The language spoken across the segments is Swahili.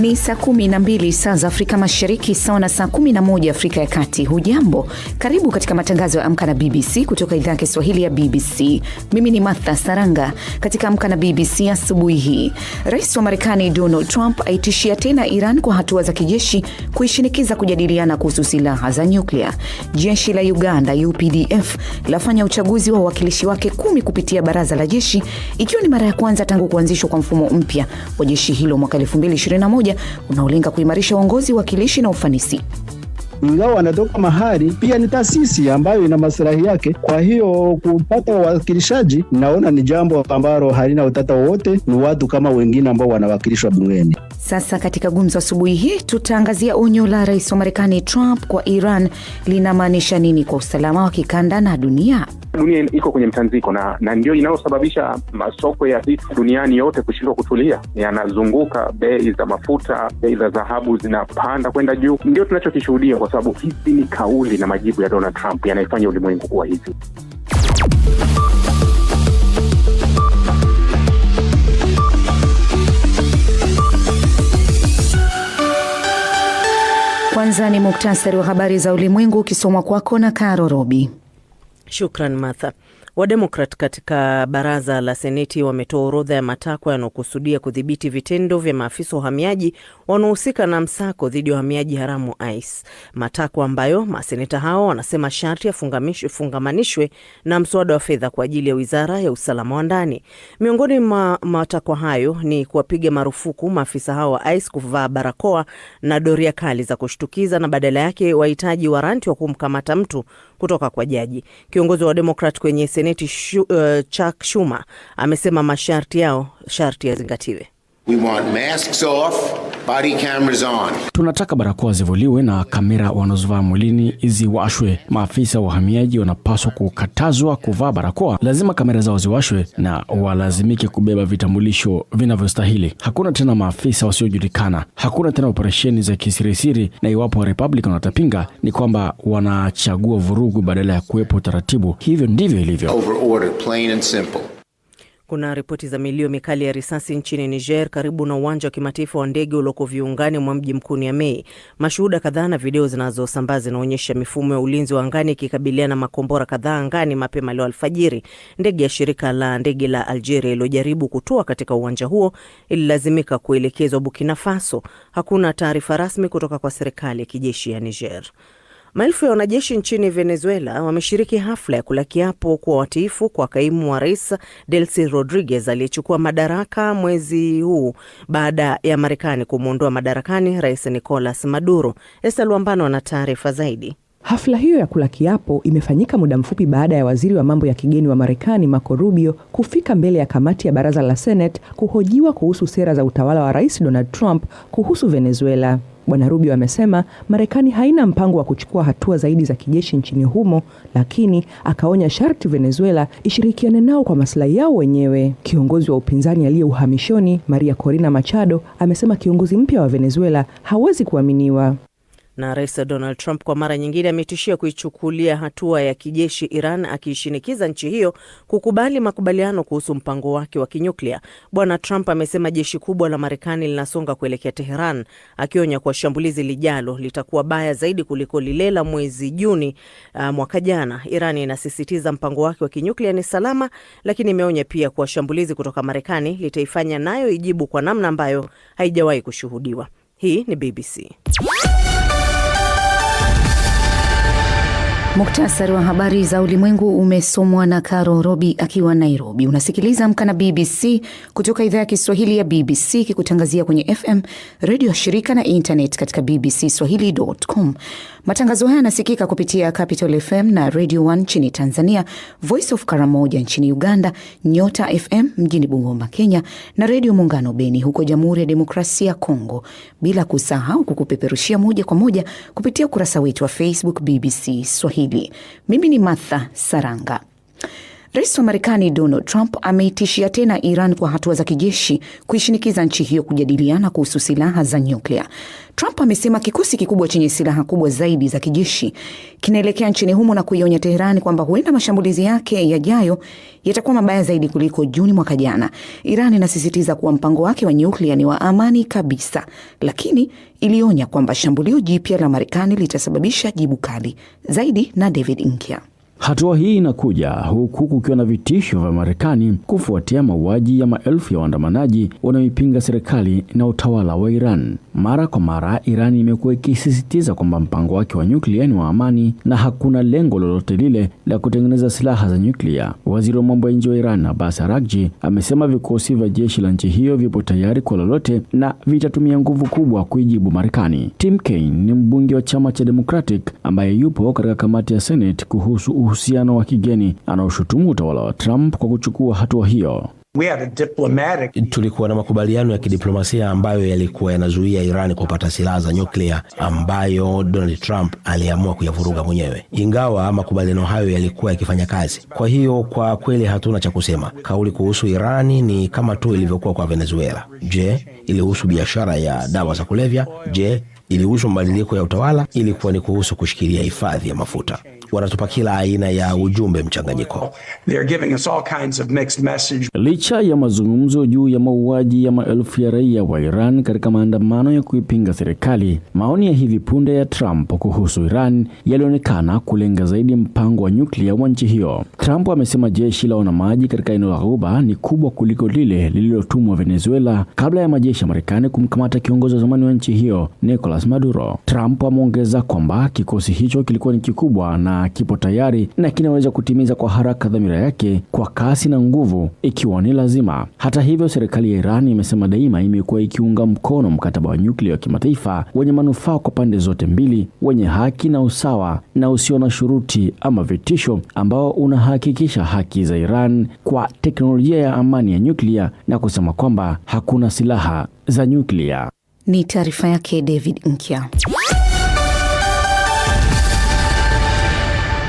Ni saa kumi na mbili saa za Afrika Mashariki, sawa na saa kumi na moja Afrika ya Kati. Hujambo, karibu katika matangazo ya Amka na BBC kutoka idhaa ya Kiswahili ya BBC. Mimi ni Martha Saranga. Katika Amka na BBC asubuhi hii, rais wa Marekani Donald Trump aitishia tena Iran kwa hatua za kijeshi kuishinikiza kujadiliana kuhusu silaha za nyuklia. Jeshi la Uganda UPDF lafanya uchaguzi wa uwakilishi wake kumi kupitia baraza la jeshi, ikiwa ni mara ya kwanza tangu kuanzishwa kwa mfumo mpya wa jeshi hilo mwaka unaolenga kuimarisha uongozi, uwakilishi na ufanisi ingawa wanatoka mahali, pia ni taasisi ambayo ina maslahi yake. Kwa hiyo kupata wawakilishaji, naona ni jambo ambalo halina utata wowote, ni watu kama wengine ambao wanawakilishwa bungeni. Sasa katika gumzo asubuhi hii tutaangazia onyo la rais wa Marekani Trump kwa Iran linamaanisha nini kwa usalama wa kikanda na dunia. Dunia iko kwenye mtanziko na, na ndio inayosababisha masoko ya hisa duniani yote kushindwa kutulia, yanazunguka. Bei za mafuta, bei za dhahabu zinapanda kwenda juu, ndio tunachokishuhudia kwa sababu hizi ni kauli na majibu ya Donald Trump yanayefanya ulimwengu kuwa hivi. Kwanza ni muktasari wa habari za ulimwengu ukisomwa kwako na Karo Robi. Shukran Martha. Wademokrat katika baraza la Seneti wametoa orodha ya matakwa yanaokusudia kudhibiti vitendo vya maafisa wa uhamiaji wanaohusika na msako dhidi ya uhamiaji haramu ICE, matakwa ambayo maseneta hao wanasema sharti yafungamanishwe na mswada wa fedha kwa ajili ya wizara ya usalama wa ndani. Miongoni mwa matakwa hayo ni kuwapiga marufuku maafisa hao wa ICE kuvaa barakoa na doria kali za kushtukiza, na badala yake wahitaji waranti wa kumkamata mtu kutoka kwa jaji. Kiongozi wa Demokrat kwenye Seneti Shu, uh, Chuck Schumer amesema masharti yao sharti yazingatiwe. We want masks off, body cameras on. Tunataka barakoa zivuliwe na kamera wanazovaa mwilini ziwashwe. Maafisa wa uhamiaji wanapaswa kukatazwa kuvaa barakoa. Lazima kamera zao ziwashwe na walazimike kubeba vitambulisho vinavyostahili. Hakuna tena maafisa wasiojulikana, hakuna tena operesheni za kisirisiri. Na iwapo wa Republican watapinga, ni kwamba wanachagua vurugu badala ya kuwepo utaratibu. Hivyo ndivyo ilivyo. Over order, plain and simple. Kuna ripoti za milio mikali ya risasi nchini Niger karibu na uwanja wa kimataifa wa ndege ulioko viungani mwa mji mkuu Niamey. Mashuhuda kadhaa na video zinazosambaa zinaonyesha mifumo ya ulinzi wa angani ikikabiliana na makombora kadhaa angani mapema leo alfajiri. Ndege ya shirika la ndege la Algeria iliyojaribu kutua katika uwanja huo ililazimika kuelekezwa bukina Faso. Hakuna taarifa rasmi kutoka kwa serikali ya kijeshi ya Niger. Maelfu ya wanajeshi nchini Venezuela wameshiriki hafla ya kula kiapo kuwa watiifu kwa kaimu wa rais Delcy Rodriguez aliyechukua madaraka mwezi huu baada ya Marekani kumwondoa madarakani rais Nicolas Maduro. Esa Luambano ana taarifa zaidi. Hafla hiyo ya kula kiapo imefanyika muda mfupi baada ya waziri wa mambo ya kigeni wa Marekani Marco Rubio kufika mbele ya kamati ya baraza la Senate kuhojiwa kuhusu sera za utawala wa rais Donald Trump kuhusu Venezuela. Bwana Rubio amesema Marekani haina mpango wa kuchukua hatua zaidi za kijeshi nchini humo, lakini akaonya sharti Venezuela ishirikiane nao kwa maslahi yao wenyewe. Kiongozi wa upinzani aliye uhamishoni Maria Corina Machado amesema kiongozi mpya wa Venezuela hawezi kuaminiwa. Na Rais Donald Trump kwa mara nyingine ametishia kuichukulia hatua ya kijeshi Iran, akiishinikiza nchi hiyo kukubali makubaliano kuhusu mpango wake wa kinyuklia. Bwana Trump amesema jeshi kubwa la Marekani linasonga kuelekea Teheran, akionya kuwa shambulizi lijalo litakuwa baya zaidi kuliko lile la mwezi Juni uh, mwaka jana. Iran inasisitiza mpango wake wa kinyuklia ni salama, lakini imeonya pia kuwa shambulizi kutoka Marekani litaifanya nayo ijibu kwa namna ambayo haijawahi kushuhudiwa. Hii ni BBC. Muktasari wa habari za ulimwengu umesomwa na Karo Robi akiwa Nairobi. Unasikiliza Amka na BBC kutoka idhaa ya Kiswahili ya BBC kikutangazia kwenye FM, redio shirika na internet katika BBC swahili.com. Matangazo haya yanasikika kupitia Capital FM na Radio 1 nchini Tanzania, Voice of Karamoja nchini Uganda, Nyota FM mjini Bungoma, Kenya na Redio Muungano Beni huko Jamhuri ya Demokrasia ya Kongo, bila kusahau kukupeperushia moja kwa moja kupitia ukurasa wetu wa Facebook BBC Swahili. Kiswahili. Mimi ni Martha Saranga. Rais wa Marekani Donald Trump ameitishia tena Iran kwa hatua za kijeshi kuishinikiza nchi hiyo kujadiliana kuhusu silaha za nyuklia. Trump amesema kikosi kikubwa chenye silaha kubwa zaidi za kijeshi kinaelekea nchini humo na kuionya Teherani kwamba huenda mashambulizi yake yajayo yatakuwa mabaya zaidi kuliko Juni mwaka jana. Iran inasisitiza kuwa mpango wake wa nyuklia ni wa amani kabisa, lakini ilionya kwamba shambulio jipya la Marekani litasababisha jibu kali zaidi. Na David Inkia. Hatua hii inakuja huku kukiwa na vitisho vya Marekani kufuatia mauaji ya maelfu ya waandamanaji wanaoipinga serikali na utawala wa Iran. Mara kwa mara irani imekuwa ikisisitiza kwamba mpango wake wa nyuklia ni wa amani na hakuna lengo lolote lile la kutengeneza silaha za nyuklia. Waziri wa mambo ya nje wa Iran Abbas Araghchi amesema vikosi vya jeshi la nchi hiyo vipo tayari kwa lolote na vitatumia nguvu kubwa kuijibu Marekani. Tim Kaine ni mbunge wa chama cha Democratic ambaye yupo katika kamati ya Senate kuhusu uhusiano wa kigeni, anaoshutumu utawala wa Trump kwa kuchukua hatua hiyo. We had a diplomatic... tulikuwa na makubaliano ya kidiplomasia ambayo yalikuwa yanazuia Iran kupata silaha za nyuklia ambayo Donald Trump aliamua kuyavuruga mwenyewe, ingawa makubaliano hayo yalikuwa yakifanya kazi. Kwa hiyo kwa kweli hatuna cha kusema. Kauli kuhusu Irani ni kama tu ilivyokuwa kwa Venezuela. Je, ilihusu biashara ya dawa za kulevya? Je, ilihusu mabadiliko ya utawala? Ilikuwa ni kuhusu kushikilia hifadhi ya mafuta wanatupa kila aina ya ujumbe mchanganyiko. Licha ya mazungumzo juu ya mauaji ya maelfu ya raia wa Iran katika maandamano ya kuipinga serikali, maoni ya hivi punde ya Trump kuhusu Iran yalionekana kulenga zaidi mpango wa nyuklia wa nchi hiyo. Trump amesema jeshi la wanamaji katika eneo la Ghuba ni kubwa kuliko lile lililotumwa Venezuela kabla ya majeshi ya Marekani kumkamata kiongozi wa zamani wa nchi hiyo Nicolas Maduro. Trump ameongeza kwamba kikosi hicho kilikuwa ni kikubwa na kipo tayari na kinaweza kutimiza kwa haraka dhamira yake kwa kasi na nguvu ikiwa ni lazima. Hata hivyo, serikali ya Iran imesema daima imekuwa ikiunga mkono mkataba wa nyuklia wa kimataifa wenye manufaa kwa pande zote mbili, wenye haki na usawa na usio na shuruti ama vitisho, ambao unahakikisha haki za Iran kwa teknolojia ya amani ya nyuklia na kusema kwamba hakuna silaha za nyuklia. Ni taarifa yake David Nkya.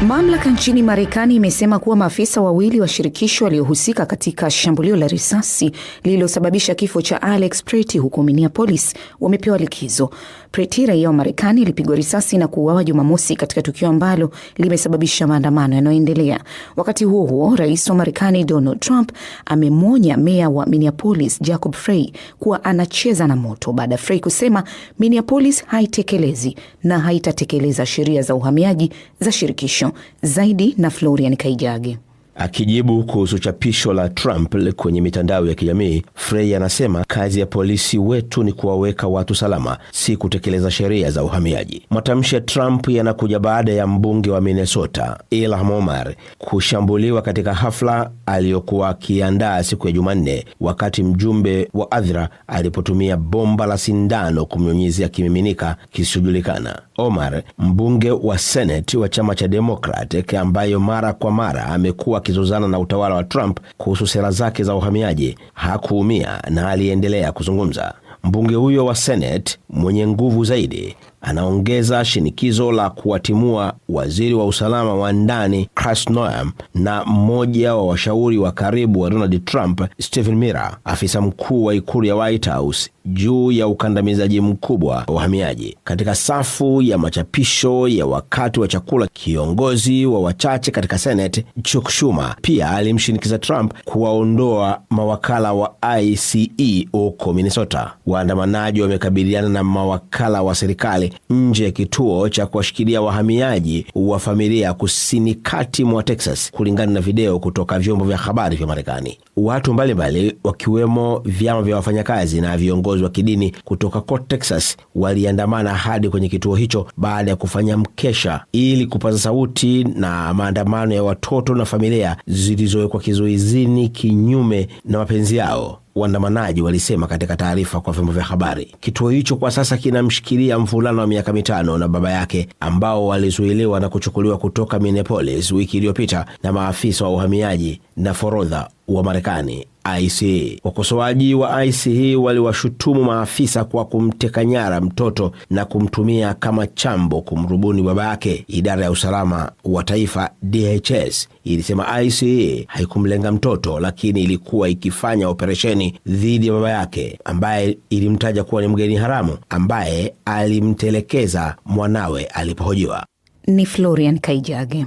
Mamlaka nchini Marekani imesema kuwa maafisa wawili wa shirikisho waliohusika katika shambulio la risasi lililosababisha kifo cha Alex Preti huko Minneapolis wamepewa likizo. Preti raia wa Marekani alipigwa risasi na kuuawa Jumamosi katika tukio ambalo limesababisha maandamano yanayoendelea. Wakati huo huo, rais wa Marekani Donald Trump amemwonya meya wa Minneapolis Jacob Frey kuwa anacheza na moto baada ya Frey kusema Minneapolis haitekelezi na haitatekeleza sheria za uhamiaji za shirikisho. Zaidi na Florian Kaijage. Akijibu kuhusu chapisho la Trump kwenye mitandao ya kijamii, Frey anasema kazi ya polisi wetu ni kuwaweka watu salama, si kutekeleza sheria za uhamiaji. Matamshi ya Trump yanakuja baada ya mbunge wa Minnesota Ilhan Omar kushambuliwa katika hafla aliyokuwa akiandaa siku ya Jumanne, wakati mjumbe wa adhra alipotumia bomba la sindano kumnyunyizia kimiminika kisichojulikana. Omar, mbunge wa Senate wa chama cha Democratic ambayo mara kwa mara amekuwa wakizozana na utawala wa Trump kuhusu sera zake za uhamiaji hakuumia na aliendelea kuzungumza. Mbunge huyo wa Senate mwenye nguvu zaidi anaongeza shinikizo la kuwatimua waziri wa usalama wa ndani Chris Noam na mmoja wa washauri wa karibu wa Donald Trump Stephen Miller, afisa mkuu wa ikulu ya White House juu ya ukandamizaji mkubwa wa uhamiaji Katika safu ya machapisho ya wakati wa chakula, kiongozi wa wachache katika Senate Chuck Schumer pia alimshinikiza Trump kuwaondoa mawakala wa ICE huko Minnesota. Waandamanaji wamekabiliana na mawakala wa serikali nje ya kituo cha kuwashikilia wahamiaji wa familia kusini kati mwa Texas, kulingana na video kutoka vyombo vya habari vya Marekani. Watu mbalimbali wakiwemo vyama vya wafanyakazi na viongozi wa kidini kutoka kote Texas waliandamana hadi kwenye kituo hicho baada ya kufanya mkesha ili kupaza sauti na maandamano ya watoto na familia zilizowekwa kizuizini kinyume na mapenzi yao waandamanaji walisema katika taarifa kwa vyombo vya habari. Kituo hicho kwa sasa kinamshikilia mvulana wa miaka mitano na baba yake ambao walizuiliwa na kuchukuliwa kutoka Minneapolis wiki iliyopita na maafisa wa uhamiaji na forodha wa Marekani ICE. Wakosoaji wa ICE waliwashutumu maafisa kwa kumteka nyara mtoto na kumtumia kama chambo kumrubuni baba yake. Idara ya usalama wa taifa DHS ilisema ICE haikumlenga mtoto, lakini ilikuwa ikifanya operesheni dhidi ya baba yake ambaye ilimtaja kuwa ni mgeni haramu ambaye alimtelekeza mwanawe alipohojiwa. Ni Florian Kaijage.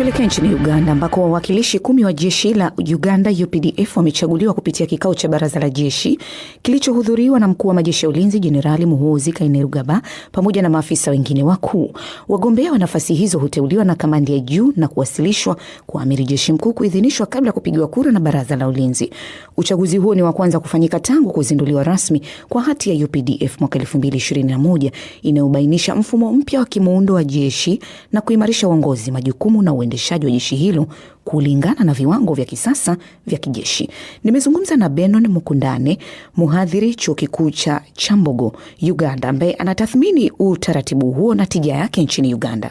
Tuelekea nchini Uganda ambako wawakilishi kumi wa jeshi la Uganda UPDF wamechaguliwa kupitia kikao cha baraza la jeshi kilichohudhuriwa na mkuu wa majeshi ya ulinzi Jenerali Muhoozi Kainerugaba pamoja na maafisa wengine wakuu. Wagombea wa nafasi hizo huteuliwa na kamandi ya juu na kuwasilishwa kwa amiri jeshi mkuu kuidhinishwa kabla ya kupigiwa kura na baraza la ulinzi. Uchaguzi huo ni wa kwanza kufanyika tangu kuzinduliwa rasmi kwa hati ya UPDF mwaka 2021 inayobainisha mfumo mpya wa kimuundo wa jeshi na kuimarisha uongozi, majukumu na uendeshaji uendeshaji wa jeshi hilo kulingana na viwango vya kisasa vya kijeshi. Nimezungumza na Benon Mukundane, mhadhiri chuo kikuu cha Chambogo, Uganda, ambaye anatathmini utaratibu huo na tija yake nchini Uganda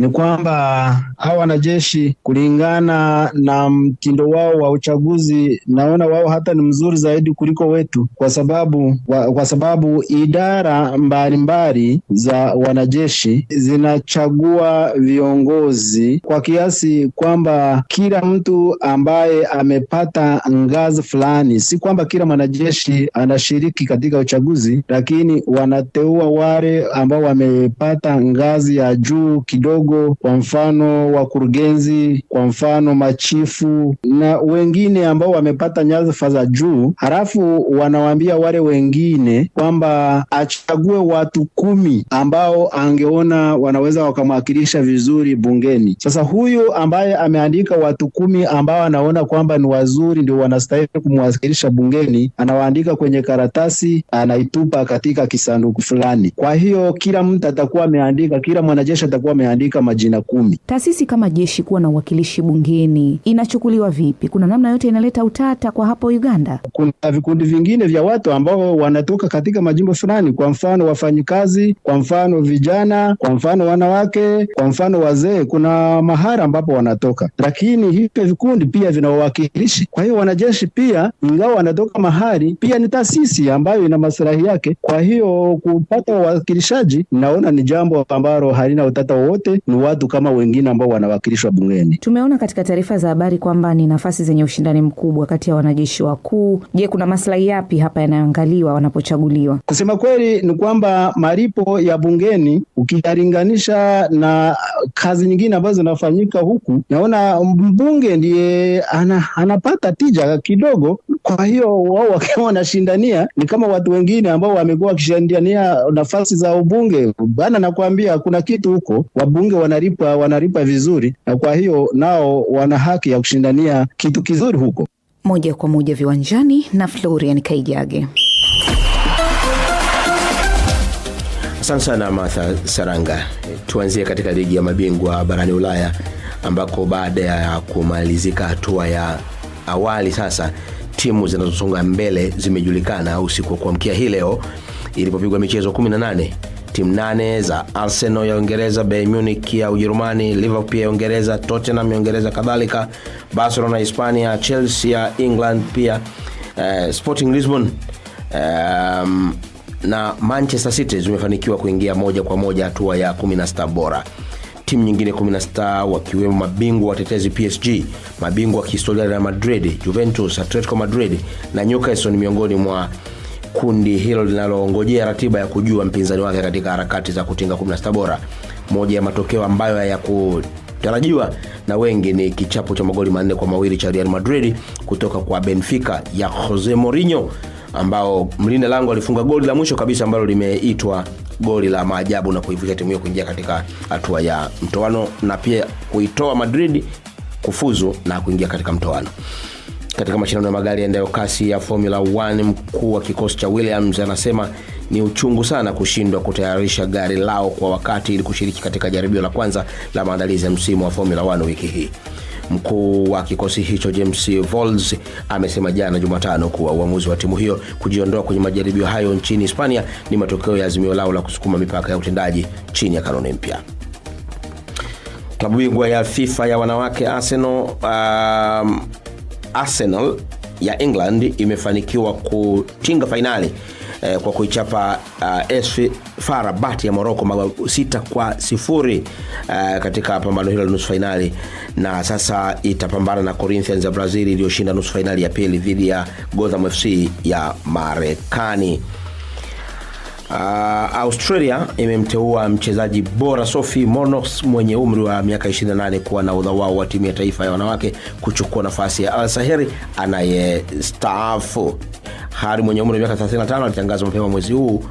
ni kwamba hawa wanajeshi kulingana na mtindo wao wa uchaguzi, naona wao hata ni mzuri zaidi kuliko wetu, kwa sababu wa, kwa sababu idara mbalimbali za wanajeshi zinachagua viongozi kwa kiasi kwamba kila mtu ambaye amepata ngazi fulani, si kwamba kila mwanajeshi anashiriki katika uchaguzi, lakini wanateua wale ambao wamepata ngazi ya juu kidogo vigogo, kwa mfano wakurugenzi, kwa mfano machifu na wengine ambao wamepata nyadhifa za juu, halafu wanawaambia wale wengine kwamba achague watu kumi ambao angeona wanaweza wakamwakilisha vizuri bungeni. Sasa huyu ambaye ameandika watu kumi ambao anaona kwamba ni wazuri ndio wanastahili kumwakilisha bungeni, anawaandika kwenye karatasi, anaitupa katika kisanduku fulani. Kwa hiyo kila mtu atakuwa ameandika, kila mwanajeshi atakuwa ameandika katika majina kumi. Taasisi kama jeshi kuwa na uwakilishi bungeni inachukuliwa vipi? Kuna namna yote inaleta utata kwa hapo Uganda? Kuna vikundi vingine vya watu ambao wanatoka katika majimbo fulani, kwa mfano wafanyikazi, kwa mfano vijana, kwa mfano wanawake, kwa mfano wazee. Kuna mahara ambapo wanatoka, lakini hivyo vikundi pia vina wawakilishi. Kwa hiyo wanajeshi pia, ingawa wanatoka mahali, pia ni taasisi ambayo ina maslahi yake. Kwa hiyo kupata uwakilishaji, naona ni jambo ambalo halina utata wowote ni watu kama wengine ambao wanawakilishwa bungeni. Tumeona katika taarifa za habari kwamba ni nafasi zenye ushindani mkubwa kati ya wanajeshi wakuu. Je, kuna maslahi yapi hapa yanayoangaliwa wanapochaguliwa? Kusema kweli ni kwamba malipo ya bungeni ukiyalinganisha na kazi nyingine ambazo zinafanyika huku, naona mbunge ndiye ana, anapata tija kidogo. Kwa hiyo wao wakiwa wanashindania ni kama watu wengine ambao wamekuwa wakishindania nafasi za ubunge bana, nakwambia kuna kitu huko, wabunge wanalipa wanalipa vizuri, na kwa hiyo nao wana haki ya kushindania kitu kizuri huko. Moja kwa moja viwanjani na Florian Kaijage. Asante sana Martha Saranga. Tuanzie katika ligi ya mabingwa barani Ulaya ambako baada ya kumalizika hatua ya awali sasa timu zinazosonga mbele zimejulikana usiku wa kuamkia hii leo ilipopigwa michezo 18 timu nane za Arsenal ya Uingereza, Bayern Munich ya Ujerumani, Liverpool ya Uingereza, Tottenham ya Uingereza, kadhalika Barcelona ya Hispania, Chelsea ya England pia eh, Sporting Lisbon eh, na Manchester City zimefanikiwa kuingia moja kwa moja hatua ya 16 bora. Timu nyingine 16 wakiwemo mabingwa watetezi PSG, mabingwa wa kihistoria Real Madrid, Juventus, Atletico Madrid na Newcastle ni miongoni mwa kundi hilo linaloongojea ratiba ya kujua mpinzani wake katika harakati za kutinga 16 bora. Moja ya matokeo ambayo ya tarajiwa na wengi ni kichapo cha magoli manne kwa mawili cha Real Madrid kutoka kwa Benfica ya Jose Mourinho ambao mlinda lango alifunga goli la mwisho kabisa ambalo limeitwa goli la maajabu na kuivusha timu hiyo kuingia katika hatua ya mtoano na pia kuitoa Madrid kufuzu na kuingia katika mtoano. Katika mashindano ya magari yaendayo kasi ya Formula 1, mkuu wa kikosi cha Williams anasema ni uchungu sana kushindwa kutayarisha gari lao kwa wakati ili kushiriki katika jaribio la kwanza la maandalizi ya msimu wa Formula 1 wiki hii. Mkuu wa kikosi hicho James Vols amesema jana Jumatano kuwa uamuzi wa timu hiyo kujiondoa kwenye majaribio hayo nchini Hispania ni matokeo ya azimio lao la kusukuma mipaka ya utendaji chini ya kanuni mpya. Klabu bingwa ya FIFA ya wanawake Arsenal, um, Arsenal ya England imefanikiwa kutinga fainali eh, kwa kuichapa uh, eh, AS ya Morocco mabao sita kwa sifuri uh, katika pambano hilo la nusu fainali, na sasa itapambana na Corinthians ya Brazil iliyoshinda nusu fainali ya pili dhidi ya Gotham FC ya Marekani. Uh, Australia imemteua mchezaji bora Sophie monox mwenye umri wa miaka 28 kuwa na udhawao wa timu ya taifa ya wanawake kuchukua nafasi ya Al Saheri anayestaafu. Hari mwenye umri wa miaka 35 alitangazwa mapema mwezi huu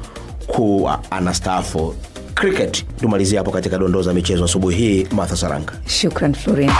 kuwa anastaafu cricket. Tumalizia hapo katika dondoo za michezo asubuhi hii. Martha Saranga, shukran Florian.